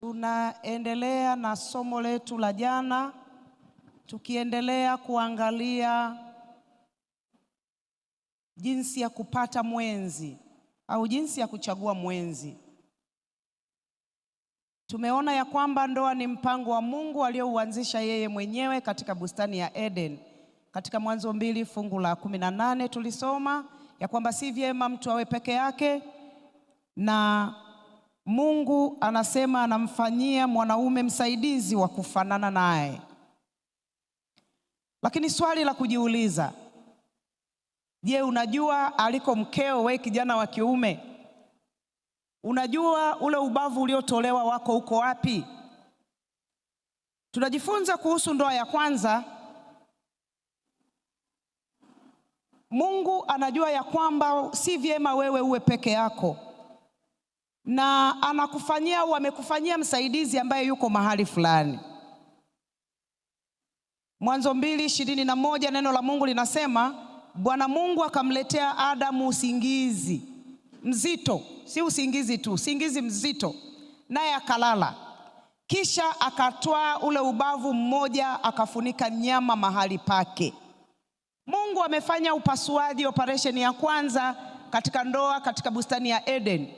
Tunaendelea na somo letu la jana, tukiendelea kuangalia jinsi ya kupata mwenzi au jinsi ya kuchagua mwenzi. Tumeona ya kwamba ndoa ni mpango wa Mungu aliyouanzisha yeye mwenyewe katika bustani ya Eden. Katika Mwanzo mbili fungu la kumi na nane tulisoma ya kwamba si vyema mtu awe peke yake na Mungu anasema anamfanyia mwanaume msaidizi wa kufanana naye. Lakini swali la kujiuliza, je, unajua aliko mkeo wewe kijana wa kiume? Unajua ule ubavu uliotolewa wako uko wapi? Tunajifunza kuhusu ndoa ya kwanza. Mungu anajua ya kwamba si vyema wewe uwe peke yako na anakufanyia au amekufanyia msaidizi ambaye yuko mahali fulani. Mwanzo mbili ishirini na moja neno la Mungu linasema Bwana Mungu akamletea Adamu usingizi mzito, si usingizi tu, usingizi mzito, naye akalala. Kisha akatwaa ule ubavu mmoja akafunika nyama mahali pake. Mungu amefanya upasuaji, operesheni ya kwanza katika ndoa, katika bustani ya Eden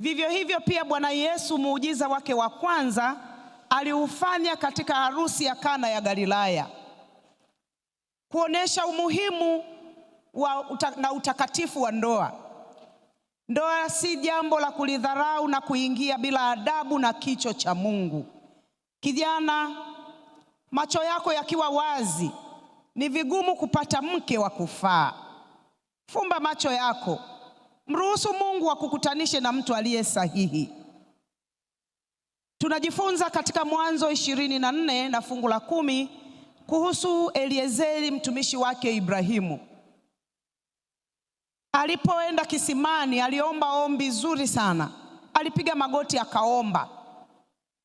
Vivyo hivyo pia Bwana Yesu muujiza wake wa kwanza aliufanya katika harusi ya Kana ya Galilaya kuonesha umuhimu wa uta, na utakatifu wa ndoa. Ndoa si jambo la kulidharau na kuingia bila adabu na kicho cha Mungu. Kijana, macho yako yakiwa wazi, ni vigumu kupata mke wa kufaa. Fumba macho yako Mruhusu Mungu akukutanishe na mtu aliye sahihi. Tunajifunza katika Mwanzo ishirini na nne na fungu la kumi kuhusu Eliezeri mtumishi wake Ibrahimu. Alipoenda kisimani, aliomba ombi zuri sana. Alipiga magoti akaomba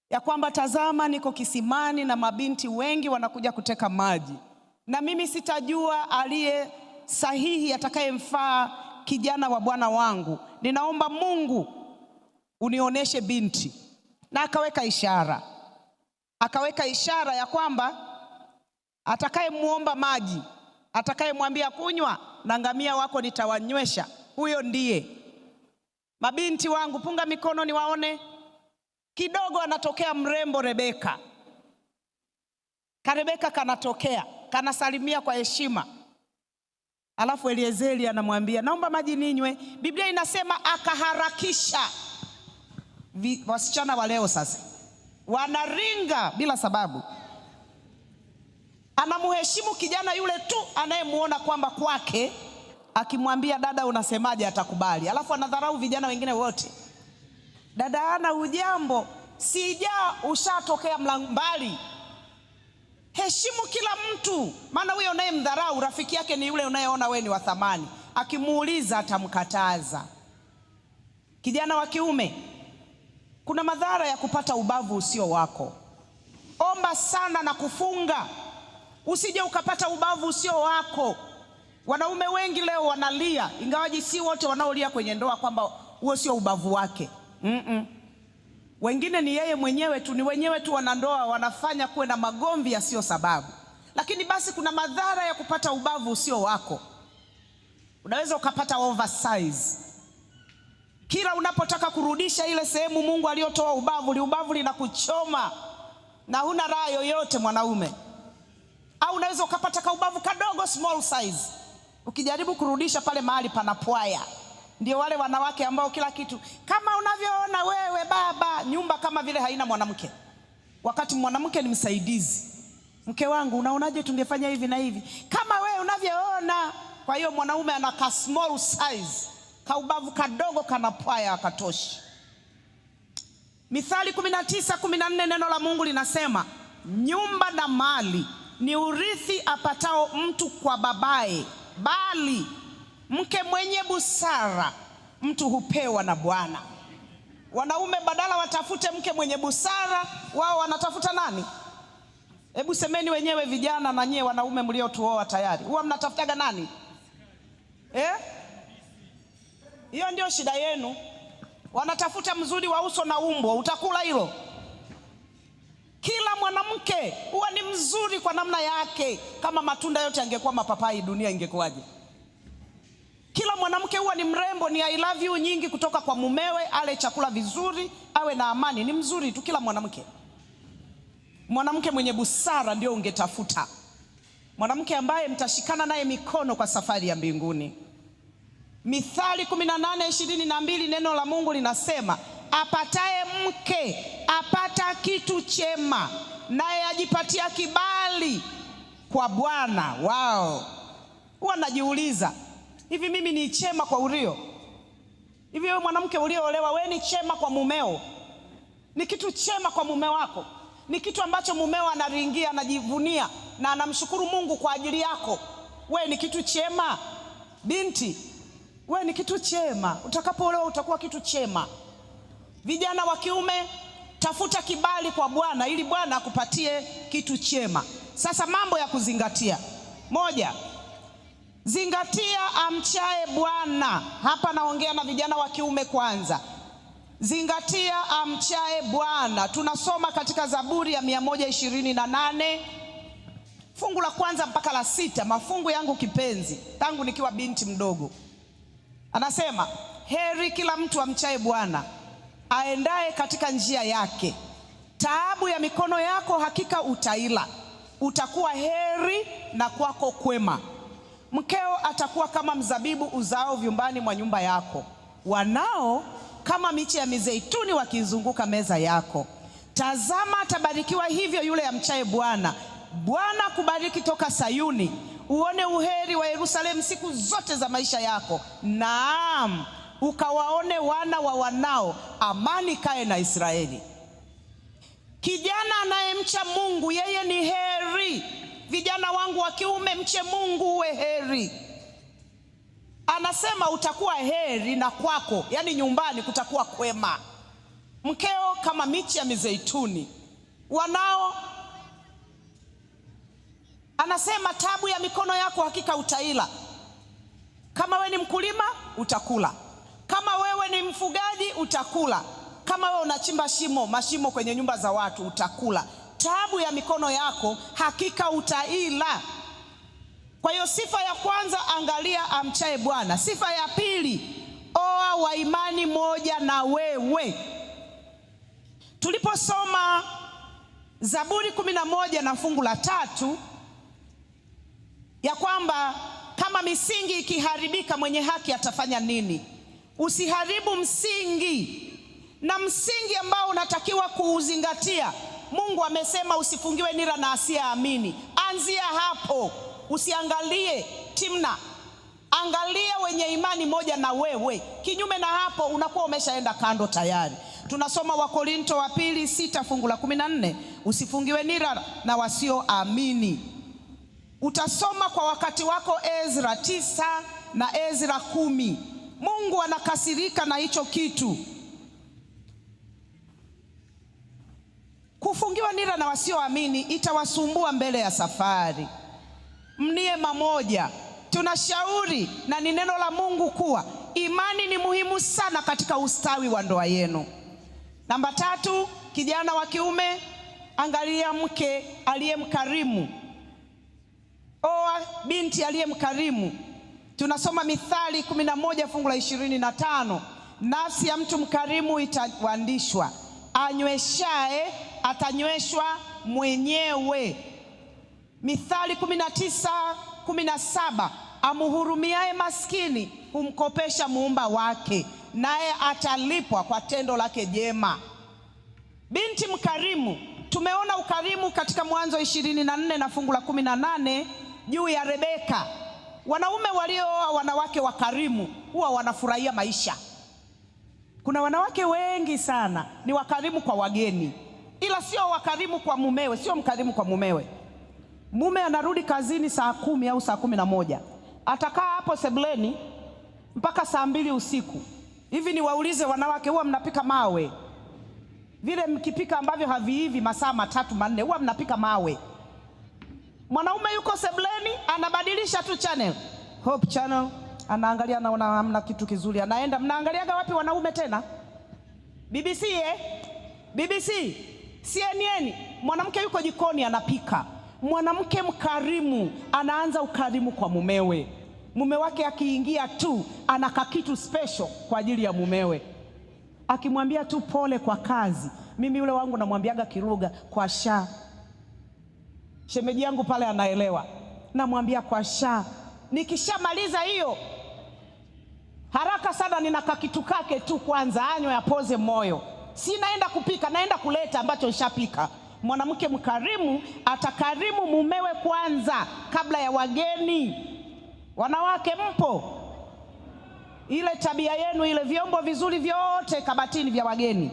ya kwamba tazama, niko kisimani na mabinti wengi wanakuja kuteka maji, na mimi sitajua aliye sahihi atakayemfaa kijana wa bwana wangu, ninaomba Mungu unionyeshe binti. Na akaweka ishara, akaweka ishara ya kwamba atakayemwomba maji, atakayemwambia kunywa, na ngamia wako nitawanywesha, huyo ndiye. Mabinti wangu, punga mikono niwaone. Kidogo anatokea mrembo Rebeka, karebeka kanatokea, kanasalimia kwa heshima Alafu Eliezeri anamwambia naomba maji ninywe. Biblia inasema akaharakisha. Wasichana wa leo sasa wanaringa bila sababu. Anamheshimu kijana yule tu anayemwona kwamba kwake, akimwambia dada, unasemaje, atakubali. Alafu anadharau vijana wengine wote. Dada ana ujambo, sijaa ushatokea mlango mbali Heshimu kila mtu, maana huyo unayemdharau rafiki yake ni yule unayeona wewe ni wa thamani. Akimuuliza atamkataza. Kijana wa kiume, kuna madhara ya kupata ubavu usio wako. Omba sana na kufunga, usije ukapata ubavu usio wako. Wanaume wengi leo wanalia, ingawaji si wote wanaolia kwenye ndoa kwamba huo sio ubavu wake. Mm -mm wengine ni yeye mwenyewe tu, ni wenyewe tu wanandoa wanafanya kuwe na magomvi yasiyo sababu. Lakini basi kuna madhara ya kupata ubavu usio wako. Unaweza ukapata oversize. Kila unapotaka kurudisha ile sehemu Mungu aliyotoa ubavu, liubavu linakuchoma na huna raha yoyote mwanaume. Au unaweza ukapata kaubavu kadogo, small size, ukijaribu kurudisha pale mahali panapwaya pwaya. Ndio wale wanawake ambao kila kitu kama unavyoona wewe baba, nyumba kama vile haina mwanamke, wakati mwanamke ni msaidizi. Mke wangu, unaonaje tungefanya hivi na hivi, kama wewe unavyoona. Kwa hiyo mwanaume ana ka small size, kaubavu kadogo kana pwaya, akatoshi. Mithali 19:14 neno la Mungu linasema nyumba na mali ni urithi apatao mtu kwa babaye, bali Mke mwenye busara mtu hupewa na Bwana. Wanaume badala watafute mke mwenye busara, wao wanatafuta nani? Hebu semeni wenyewe vijana, na nyie wanaume mliotuoa tayari, huwa mnatafutaga nani eh? hiyo Ndio shida yenu. Wanatafuta mzuri wa uso na umbo, utakula hilo. Kila mwanamke huwa ni mzuri kwa namna yake. Kama matunda yote angekuwa mapapai, dunia ingekuwaje? Kila mwanamke huwa ni mrembo, ni I love you nyingi kutoka kwa mumewe, ale chakula vizuri, awe na amani, ni mzuri tu kila mwanamke. Mwanamke mwenye busara ndio ungetafuta, mwanamke ambaye mtashikana naye mikono kwa safari ya mbinguni. Mithali 18:22 ishirini na mbili, neno la Mungu linasema apataye mke apata kitu chema, naye ajipatia kibali kwa Bwana. Wao huwa najiuliza Hivi mimi ni chema kwa Urio? Hivi wewe mwanamke ulioolewa wewe ni chema kwa mumeo? Ni kitu chema kwa mume wako? Ni kitu ambacho mumeo anaringia, anajivunia na anamshukuru Mungu kwa ajili yako? Wewe ni kitu chema binti? Wewe ni kitu chema. Utakapoolewa utakuwa kitu chema. Vijana wa kiume, tafuta kibali kwa Bwana ili Bwana akupatie kitu chema. Sasa mambo ya kuzingatia: moja, Zingatia amchaye Bwana. Hapa naongea na vijana wa kiume kwanza. Zingatia amchaye Bwana. Tunasoma katika Zaburi ya na nane fungu la kwanza mpaka la sita, mafungu yangu kipenzi, tangu nikiwa binti mdogo. Anasema, heri kila mtu amchaye Bwana, aendaye katika njia yake. Taabu ya mikono yako hakika utaila, utakuwa heri na kwako kwema Mkeo atakuwa kama mzabibu uzao vyumbani mwa nyumba yako, wanao kama miche ya mizeituni wakizunguka meza yako. Tazama, atabarikiwa hivyo yule amchaye Bwana. Bwana kubariki toka Sayuni, uone uheri wa Yerusalemu siku zote za maisha yako, naam ukawaone wana wa wanao. Amani kae na Israeli. Kijana anayemcha Mungu, yeye ni heri vijana wangu wa kiume, mche Mungu uwe heri. Anasema utakuwa heri na kwako, yaani nyumbani kutakuwa kwema, mkeo kama michi ya mizeituni, wanao. Anasema tabu ya mikono yako hakika utaila. Kama we ni mkulima utakula, kama wewe ni mfugaji utakula, kama wewe unachimba shimo mashimo kwenye nyumba za watu utakula taabu ya mikono yako, hakika utaila. Kwa hiyo sifa ya kwanza, angalia amchae Bwana. Sifa ya pili, oa wa imani moja na wewe. Tuliposoma Zaburi kumi na moja na fungu la tatu ya kwamba kama misingi ikiharibika mwenye haki atafanya nini? Usiharibu msingi, na msingi ambao unatakiwa kuuzingatia Mungu amesema usifungiwe nira na asiyeamini. Anzia hapo, usiangalie Timna, angalia wenye imani moja na wewe. Kinyume na hapo, unakuwa umeshaenda kando tayari. Tunasoma Wakorinto wa pili sita fungu la kumi na nne usifungiwe nira na wasioamini. Utasoma kwa wakati wako Ezra tisa na Ezra kumi. Mungu anakasirika na hicho kitu. Kufungiwa nira na wasioamini itawasumbua mbele ya safari. mnie mamoja, tunashauri na ni neno la Mungu kuwa imani ni muhimu sana katika ustawi wa ndoa yenu. Namba tatu, kijana wa kiume, angalia mke aliyemkarimu, oa binti aliyemkarimu. Tunasoma Mithali kumi na moja fungu la ishirini na tano nafsi ya mtu mkarimu itawandishwa, anyweshae atanyweshwa mwenyewe. Mithali kumi na amuhurumiae amhurumiaye maskini humkopesha muumba wake, naye atalipwa kwa tendo lake jema. Binti mkarimu, tumeona ukarimu katika Mwanzo ishirini na nne na fungu la kumi na juu ya Rebeka. Wanaume waliooa wanawake wakarimu huwa wanafurahia maisha. Kuna wanawake wengi sana ni wakarimu kwa wageni ila sio wakarimu kwa mumewe, sio mkarimu kwa mumewe. Mume anarudi kazini saa kumi au saa kumi na moja atakaa hapo sebuleni mpaka saa mbili usiku hivi. Niwaulize wanawake, huwa mnapika mawe vile mkipika ambavyo haviivi masaa matatu manne, huwa mnapika mawe. Mwanaume yuko sebuleni anabadilisha tu channel, Hope channel anaangalia, anaona hamna kitu kizuri, anaenda. Mnaangaliaga wapi wanaume tena? BBC eh? BBC CNN, mwanamke yuko jikoni anapika, mwanamke mkarimu anaanza ukarimu kwa mumewe. Mume wake akiingia tu anaka kitu special kwa ajili ya mumewe, akimwambia tu pole kwa kazi. Mimi yule wangu namwambiaga kiruga kwa sha. Shemeji yangu pale anaelewa, namwambia kwa sha. Nikishamaliza hiyo haraka sana, ninaka kitu kake tu kwanza anywe, apoze moyo si naenda kupika, naenda kuleta ambacho nishapika. Mwanamke mkarimu atakarimu mumewe kwanza kabla ya wageni. Wanawake mpo? Ile tabia yenu ile, vyombo vizuri vyote kabatini vya wageni,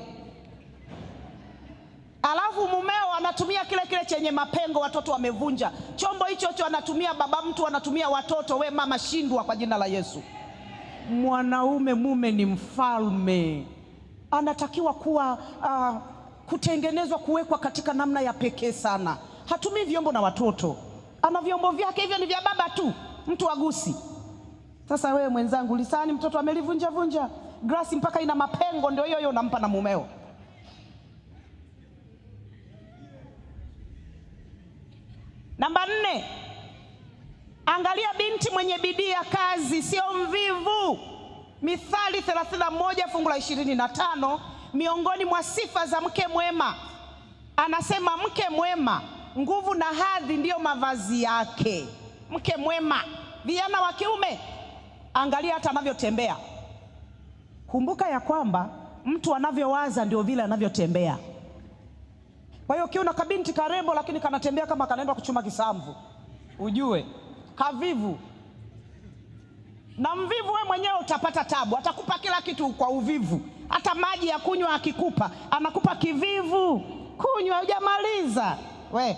alafu mumeo anatumia kile kile chenye mapengo, watoto wamevunja chombo hicho hicho, anatumia baba mtu, anatumia watoto. We mama, shindwa kwa jina la Yesu. Mwanaume mume ni mfalme anatakiwa kuwa uh, kutengenezwa kuwekwa katika namna ya pekee sana. Hatumii vyombo na watoto, ana vyombo vyake, hivyo ni vya baba tu, mtu agusi. Sasa wewe mwenzangu, lisani mtoto amelivunja vunja grasi mpaka ina mapengo, ndio hiyo hiyo unampa na mumeo. Namba nne, angalia binti mwenye bidii ya kazi, sio mvivu. Mithali 31 fungu la 25, miongoni mwa sifa za mke mwema anasema, mke mwema nguvu na hadhi ndiyo mavazi yake. Mke mwema, vijana wa kiume, angalia hata anavyotembea. Kumbuka ya kwamba mtu anavyowaza ndio vile anavyotembea. Kwa hiyo ukiona kabinti karembo lakini kanatembea kama kanaenda kuchuma kisamvu, ujue kavivu na mvivu wewe mwenyewe utapata tabu, atakupa kila kitu kwa uvivu. Hata maji ya kunywa akikupa, anakupa kivivu, kunywa hujamaliza we.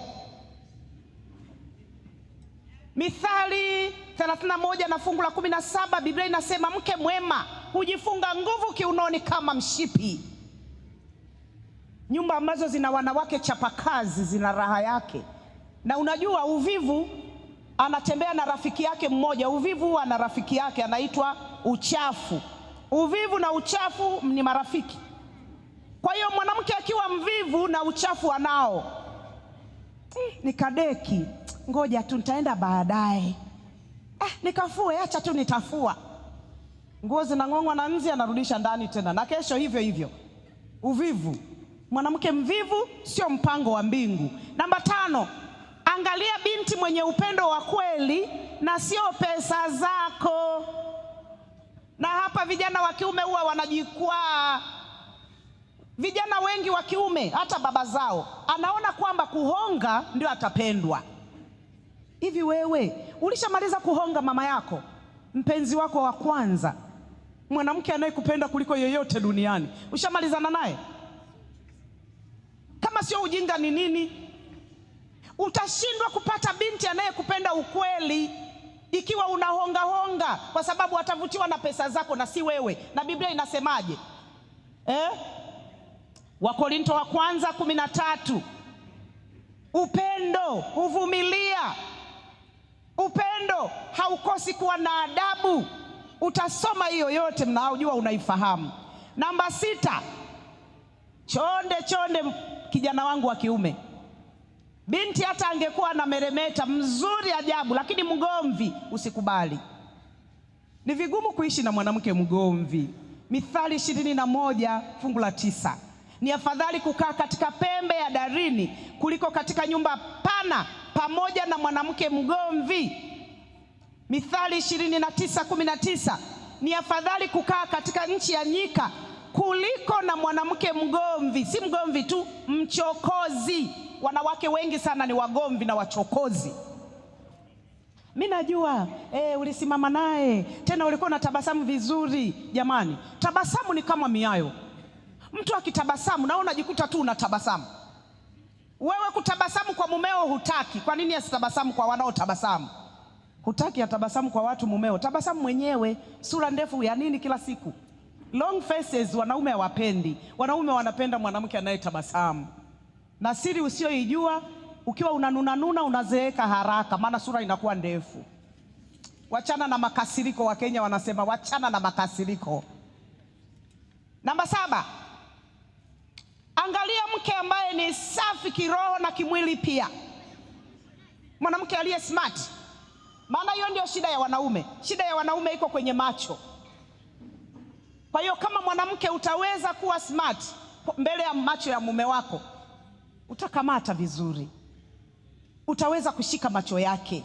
Mithali 31 na fungu la 17, Biblia inasema mke mwema hujifunga nguvu kiunoni kama mshipi. Nyumba ambazo zina wanawake chapakazi zina raha yake, na unajua uvivu anatembea na rafiki yake mmoja. Uvivu huwa na rafiki yake anaitwa uchafu. Uvivu na uchafu ni marafiki. Kwa hiyo mwanamke akiwa mvivu na uchafu anao, eh, nikadeki, ngoja tu nitaenda baadaye, eh, nikafue, acha tu nitafua. Nguo zinang'ong'wa na nzi, anarudisha ndani tena, na kesho hivyo hivyo. Uvivu. Mwanamke mvivu sio mpango wa mbingu. Namba tano, Angalia binti mwenye upendo wa kweli na sio pesa zako. Na hapa vijana wa kiume huwa wanajikwaa. Vijana wengi wa kiume, hata baba zao, anaona kwamba kuhonga ndio atapendwa. Hivi wewe ulishamaliza kuhonga mama yako, mpenzi wako wa kwanza, mwanamke anayekupenda kuliko yoyote duniani, ushamalizana naye? Kama sio ujinga ni nini? Utashindwa kupata binti anayekupenda ukweli ikiwa unahongahonga, kwa sababu atavutiwa na pesa zako na si wewe. Na Biblia inasemaje eh? Wakorinto wa kwanza kumi na tatu upendo huvumilia, upendo haukosi kuwa na adabu. Utasoma hiyo yote, mnaojua unaifahamu. Namba sita, chonde chonde, kijana wangu wa kiume Binti hata angekuwa na meremeta mzuri ajabu, lakini mgomvi, usikubali. Ni vigumu kuishi na mwanamke mgomvi. Mithali ishirini na moja fungu la tisa ni afadhali kukaa katika pembe ya darini kuliko katika nyumba pana pamoja na mwanamke mgomvi. Mithali ishirini na tisa kumi na tisa ni afadhali kukaa katika nchi ya nyika kuliko na mwanamke mgomvi, si mgomvi tu, mchokozi wanawake wengi sana ni wagomvi na wachokozi. Mi najua e, ulisimama naye tena ulikuwa na tabasamu vizuri. Jamani, tabasamu ni kama miayo. Mtu akitabasamu na unajikuta tu tabasamu Wewe kutabasamu kwa mumeo hutaki, kwa nini asitabasamu kwa wanaotabasamu? Hutaki atabasamu kwa watu mumeo, tabasamu mwenyewe. Sura ndefu ya nini kila siku? Long faces wanaume hawapendi. Wanaume wanapenda mwanamke anayetabasamu na siri usioijua ukiwa unanunanuna unazeeka haraka, maana sura inakuwa ndefu. Wachana na makasiriko, Wakenya wanasema wachana na makasiriko. Namba saba, angalia mke ambaye ni safi kiroho na kimwili pia, mwanamke aliye smart, maana hiyo ndio shida ya wanaume. Shida ya wanaume iko kwenye macho. Kwa hiyo kama mwanamke utaweza kuwa smart mbele ya macho ya mume wako utakamata vizuri, utaweza kushika macho yake.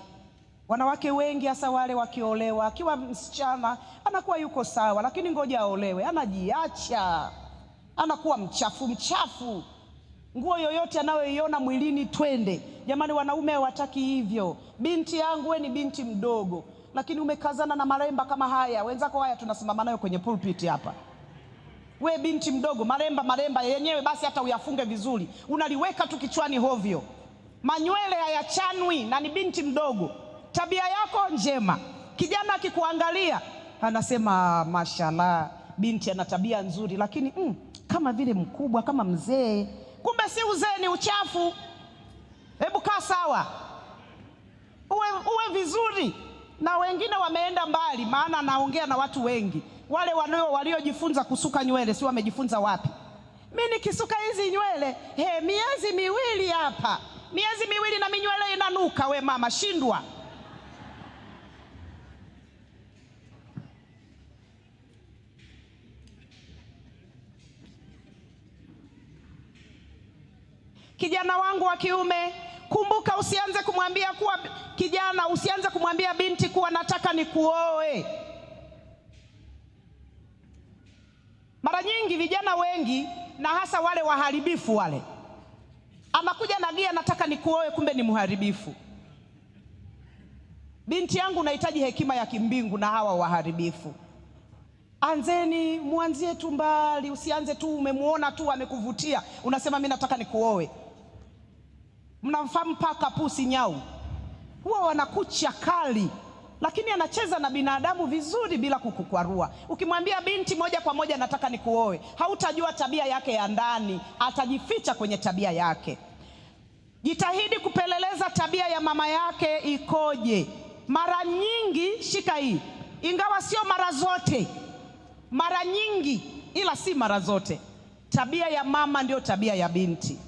Wanawake wengi hasa wale wakiolewa, akiwa msichana anakuwa yuko sawa, lakini ngoja aolewe, anajiacha, anakuwa mchafu mchafu, nguo yoyote anayoiona mwilini twende. Jamani, wanaume hawataki hivyo. Binti yangu, we ni binti mdogo, lakini umekazana na maremba kama haya. Wenzako haya tunasimama nayo kwenye pulpiti hapa. We binti mdogo, maremba maremba yenyewe basi hata uyafunge vizuri, unaliweka tu kichwani hovyo, manywele hayachanwi na ni binti mdogo. Tabia yako njema, kijana akikuangalia anasema mashallah, binti ana tabia nzuri, lakini mm, kama vile mkubwa, kama mzee. Kumbe si uzee, ni uchafu. Hebu kaa sawa, uwe, uwe vizuri. Na wengine wameenda mbali, maana anaongea na watu wengi wale waliojifunza kusuka nywele si wamejifunza wapi? Mimi nikisuka hizi nywele he, miezi miwili hapa, miezi miwili na minywele inanuka. We mama, shindwa. Kijana wangu wa kiume, kumbuka, usianze kumwambia kuwa kijana, usianze kumwambia binti kuwa nataka nikuoe. Mara nyingi vijana wengi na hasa wale waharibifu wale, anakuja na gia, nataka nikuoe, kumbe ni mharibifu. Binti yangu, unahitaji hekima ya kimbingu na hawa waharibifu. Anzeni, mwanzie tu mbali, usianze tu umemwona tu amekuvutia, unasema mimi nataka nikuoe. Mnamfahamu paka, pusi, nyau, huwa wanakucha kali lakini anacheza na binadamu vizuri bila kukukwarua. Ukimwambia binti moja kwa moja nataka nikuoe, hautajua tabia yake ya ndani, atajificha kwenye tabia yake. Jitahidi kupeleleza tabia ya mama yake ikoje. Mara nyingi, shika hii, ingawa sio mara zote, mara nyingi, ila si mara zote, tabia ya mama ndio tabia ya binti.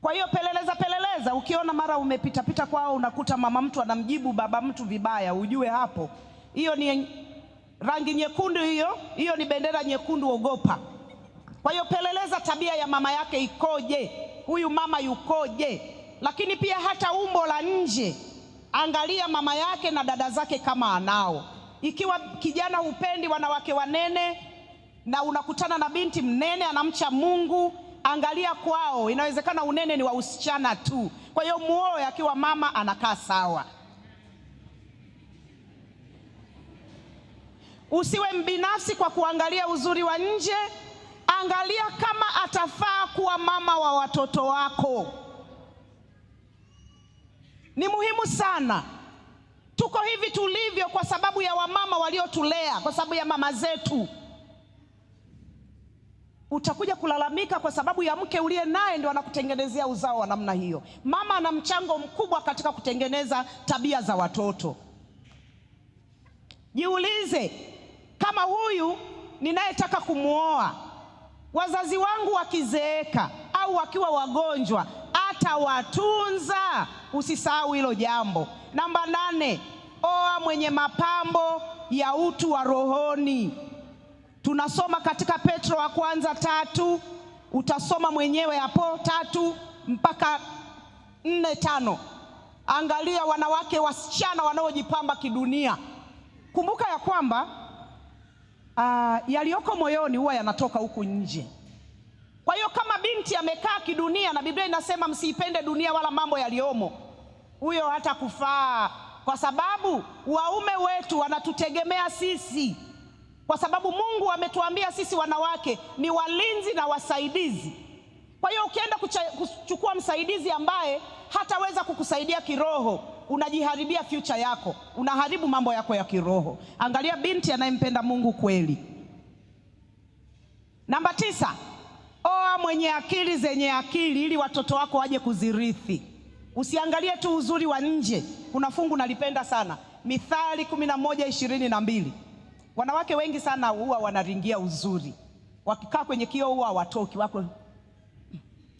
Kwa hiyo pelele kwanza, ukiona mara umepitapita kwao unakuta mama mtu anamjibu baba mtu vibaya, ujue hapo hiyo ni rangi nyekundu, hiyo hiyo ni bendera nyekundu, ogopa. Kwa hiyo peleleza tabia ya mama yake ikoje, huyu mama yukoje. Lakini pia hata umbo la nje, angalia mama yake na dada zake kama anao. Ikiwa kijana hupendi wanawake wanene na unakutana na binti mnene anamcha Mungu angalia kwao, inawezekana unene ni wa usichana tu. Kwa hiyo muoe akiwa mama anakaa sawa. Usiwe mbinafsi kwa kuangalia uzuri wa nje, angalia kama atafaa kuwa mama wa watoto wako. Ni muhimu sana. Tuko hivi tulivyo kwa sababu ya wamama waliotulea, kwa sababu ya mama zetu utakuja kulalamika kwa sababu ya mke uliye naye ndio anakutengenezea uzao wa namna hiyo. Mama ana mchango mkubwa katika kutengeneza tabia za watoto. Jiulize, kama huyu ninayetaka kumwoa, wazazi wangu wakizeeka au wakiwa wagonjwa, atawatunza? Usisahau hilo jambo. Namba nane, oa mwenye mapambo ya utu wa rohoni tunasoma katika Petro wa kwanza tatu, utasoma mwenyewe hapo tatu mpaka nne tano. Angalia wanawake wasichana wanaojipamba kidunia. Kumbuka ya kwamba uh, yaliyoko moyoni huwa yanatoka huku nje. Kwa hiyo kama binti amekaa kidunia, na Biblia inasema msiipende dunia wala mambo yaliyomo, huyo hata kufaa, kwa sababu waume wetu wanatutegemea sisi kwa sababu Mungu ametuambia sisi wanawake ni walinzi na wasaidizi. Kwa hiyo ukienda kuchukua msaidizi ambaye hataweza kukusaidia kiroho, unajiharibia future yako, unaharibu mambo yako ya kiroho. Angalia binti anayempenda Mungu kweli. Namba tisa, oa mwenye akili zenye akili ili watoto wako waje kuzirithi. Usiangalie tu uzuri wa nje. Kuna fungu nalipenda sana, Mithali kumi na moja ishirini na mbili. Wanawake wengi sana huwa wanaringia uzuri, wakikaa kwenye kioo huwa watoki, wako